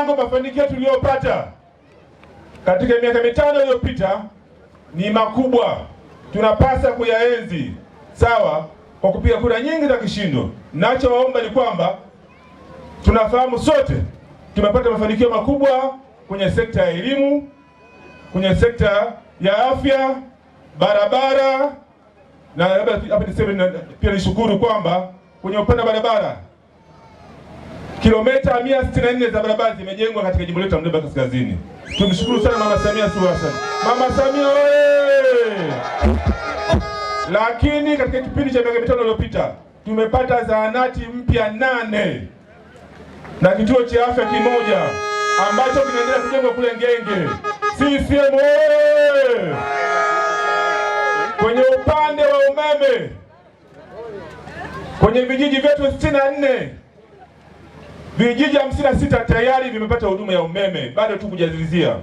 yangu, mafanikio tuliyopata katika miaka mitano iliyopita ni makubwa, tunapasa kuyaenzi sawa, kwa kupiga kura nyingi za kishindo. Nachowaomba ni kwamba tunafahamu sote tumepata mafanikio makubwa kwenye sekta ya elimu, kwenye sekta ya afya, barabara na labda hapa niseme pia nishukuru kwamba kwenye upande wa barabara kilomita 164 za barabara zimejengwa katika jimbo letu la Mleba Kaskazini. Tumshukuru sana Mama Samia Suluhu Hassan. Mama Samia oye! Lakini katika kipindi cha miaka mitano iliyopita tumepata zahanati mpya nane na kituo cha afya kimoja ambacho kinaendelea kujengwa kule Ngenge. CCM oye! Kwenye upande wa umeme kwenye vijiji vyetu 64 Vijiji hamsini na sita tayari vimepata huduma ya umeme bado tu kujazilizia,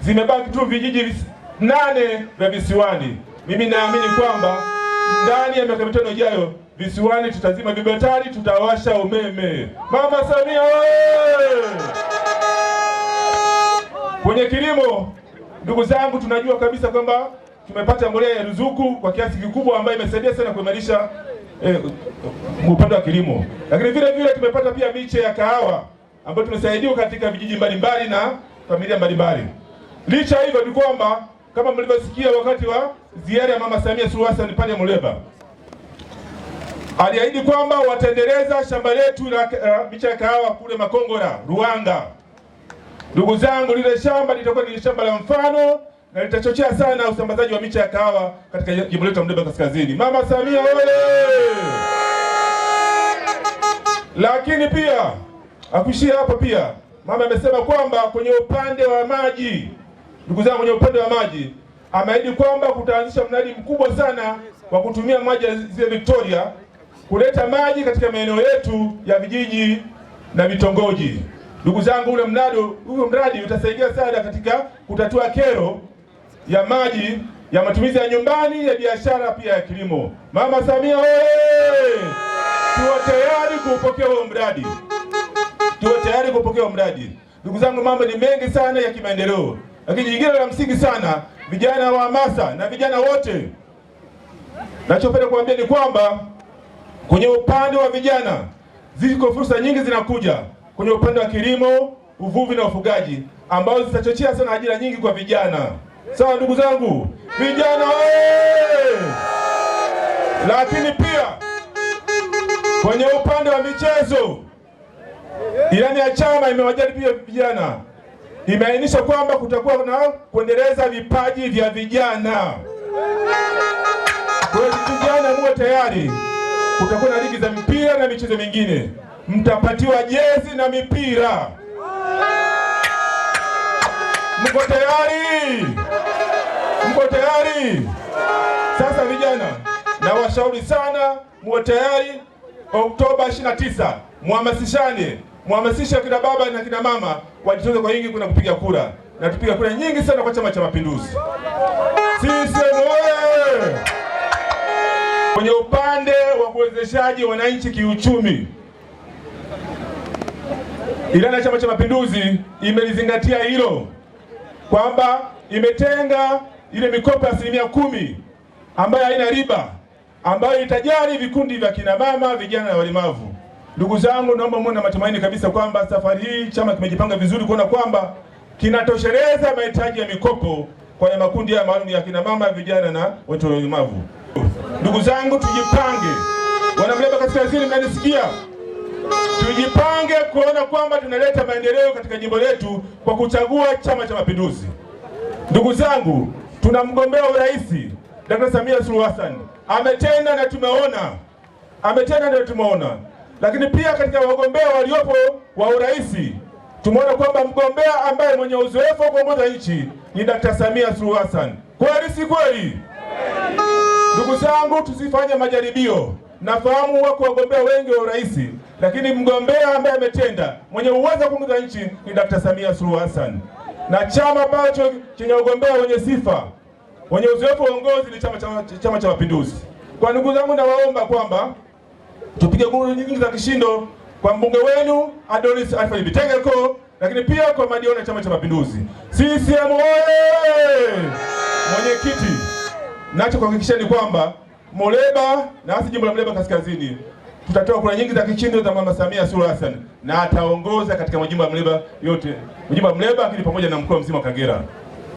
zimebaki tu vijiji nane vya visiwani. Mimi naamini kwamba ndani ya miaka mitano ijayo visiwani tutazima vibatari, tutawasha umeme. Mama Samia oye! Kwenye kilimo, ndugu zangu, tunajua kabisa kwamba tumepata mbolea ya ruzuku kwa kiasi kikubwa ambayo imesaidia sana kuimarisha eh, upande wa kilimo, lakini vile vile tumepata pia miche ya kahawa ambayo tumesaidiwa katika vijiji mbalimbali na familia mbalimbali. Licha hivyo ni kwamba kama mlivyosikia wakati wa ziara ya Mama Samia Suluhu Hassan pale Muleba, aliahidi kwamba wataendeleza shamba letu la uh, miche ya kahawa kule Makongora Ruanga. Ndugu zangu, lile shamba litakuwa ni shamba la mfano na litachochea sana usambazaji wa miche ya kahawa katika jimbo letu la Mdeba Kaskazini. Mama Samia ole! Lakini pia akuishia hapo, pia mama amesema kwamba kwenye upande wa maji, ndugu zangu, kwenye upande wa maji ameahidi kwamba kutaanzisha mradi mkubwa sana wa kutumia maji ya Ziwa Victoria kuleta maji katika maeneo yetu ya vijiji na vitongoji. Ndugu zangu, ule mradi huyo mradi utasaidia sana katika kutatua kero ya maji ya matumizi ya nyumbani, ya biashara, pia ya kilimo. Mama Samia oye! Tuwe tayari kuupokea huo mradi, tuwe tayari kuupokea mradi. Ndugu zangu, mambo ni mengi sana ya kimaendeleo, lakini jingine la msingi sana, vijana wa hamasa na vijana wote, nachopenda kuambia ni kwamba kwenye upande wa vijana ziko fursa nyingi zinakuja kwenye upande wa kilimo, uvuvi na ufugaji, ambazo zitachochea sana ajira nyingi kwa vijana. Sawa ndugu zangu vijana oye! Lakini pia kwenye upande wa michezo, ilani ya chama imewajali pia vijana, imeainisha kwamba kutakuwa na kuendeleza vipaji vya vijana. Kwa vijana muwe tayari, kutakuwa na ligi za mpira na michezo mingine, mtapatiwa jezi na mipira. Mko tayari? Mko tayari? Sasa vijana, nawashauri sana muwe tayari. Oktoba 29 muhamasishane, muhamasishe kina baba na kina mama wajitoke kwa wingi kuna kupiga kura, na tupiga kura nyingi sana kwa Chama cha Mapinduzi. Sisi oye! Kwenye upande wa kuwezeshaji wananchi kiuchumi, ilani ya Chama cha Mapinduzi imelizingatia hilo kwamba imetenga ile mikopo ya asilimia kumi ambayo haina riba ambayo itajali vikundi vya kina mama, vijana na walemavu. Ndugu zangu, naomba muone matumaini kabisa kwamba safari hii chama kimejipanga vizuri kuona kwamba kinatosheleza mahitaji ya mikopo kwa makundi haya maalum ya kina mama, vijana na watu walemavu. Ndugu zangu, tujipange. Wanamleba Kaskazini, mnanisikia? Tujipange kuona kwamba tunaleta maendeleo katika jimbo letu kwa kuchagua Chama cha Mapinduzi. Ndugu zangu tuna mgombea urais Dr. Samia Suluhu Hassan ametenda na tumeona, ametenda na tumeona. Lakini pia katika wagombea waliopo wa urais tumeona kwamba mgombea ambaye mwenye uzoefu wa kuongoza nchi ni Dr. Samia Suluhu Hassan. Kweli si kweli? Ndugu zangu, tusifanye majaribio. Nafahamu wako wagombea wengi wa urais, lakini mgombea ambaye ametenda mwenye uwezo wa kuongoza nchi ni Dr. Samia Suluhu Hassan na chama ambacho chenye ugombea wenye sifa wenye uzoefu wa uongozi ni chama, chama cha Mapinduzi. Kwa ndugu zangu, nawaomba kwamba tupige kura nyingi za kishindo kwa mbunge wenu Adonis Alfa Bitengeko, lakini pia kwa madiwani ya chama cha Mapinduzi. CCM oye! Mwenyekiti, nacho ni kwamba Muleba na hasa jimbo la Muleba kaskazini tutatoa kura nyingi za kishindo za Mama Samia Suluhu Hassan na ataongoza katika majimbo ya Mleba yote, majimbo ya Mleba lakini pamoja na mkoa mzima wa Kagera.